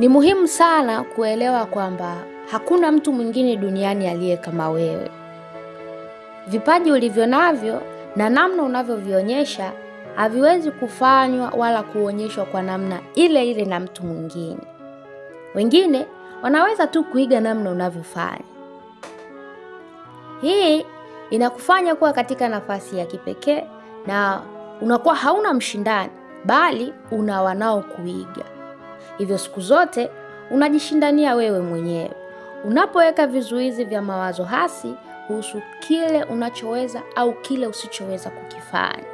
Ni muhimu sana kuelewa kwamba hakuna mtu mwingine duniani aliye kama wewe. Vipaji ulivyo navyo na namna unavyovionyesha haviwezi kufanywa wala kuonyeshwa kwa namna ile ile na mtu mwingine. Wengine wanaweza tu kuiga namna unavyofanya. Hii inakufanya kuwa katika nafasi ya kipekee na unakuwa hauna mshindani, bali una wanaokuiga. Hivyo siku zote unajishindania wewe mwenyewe. Unapoweka vizuizi vya mawazo hasi kuhusu kile unachoweza au kile usichoweza kukifanya.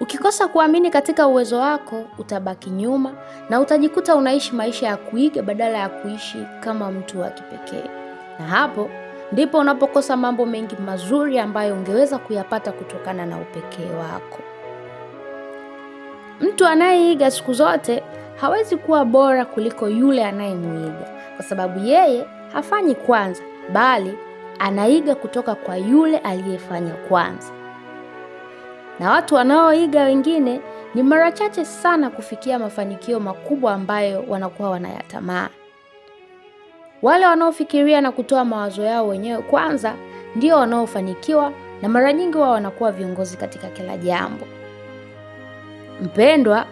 Ukikosa kuamini katika uwezo wako, utabaki nyuma na utajikuta unaishi maisha ya kuiga badala ya kuishi kama mtu wa kipekee. Na hapo ndipo unapokosa mambo mengi mazuri ambayo ungeweza kuyapata kutokana na upekee wako. Mtu anayeiga siku zote hawezi kuwa bora kuliko yule anayemuiga, kwa sababu yeye hafanyi kwanza, bali anaiga kutoka kwa yule aliyefanya kwanza. Na watu wanaoiga wengine ni mara chache sana kufikia mafanikio makubwa ambayo wanakuwa wanayatamaa. Wale wanaofikiria na kutoa mawazo yao wenyewe kwanza ndio wanaofanikiwa, na mara nyingi wao wanakuwa viongozi katika kila jambo. Mpendwa,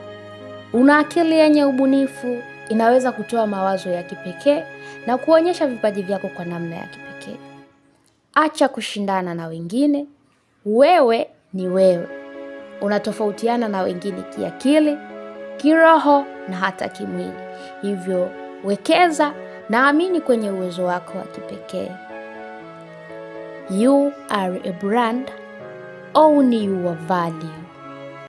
una akili yenye ubunifu, inaweza kutoa mawazo ya kipekee na kuonyesha vipaji vyako kwa namna ya kipekee. Acha kushindana na wengine, wewe ni wewe. Unatofautiana na wengine kiakili, kiroho na hata kimwili, hivyo wekeza naamini kwenye uwezo wako wa kipekee. You are a brand, own your value.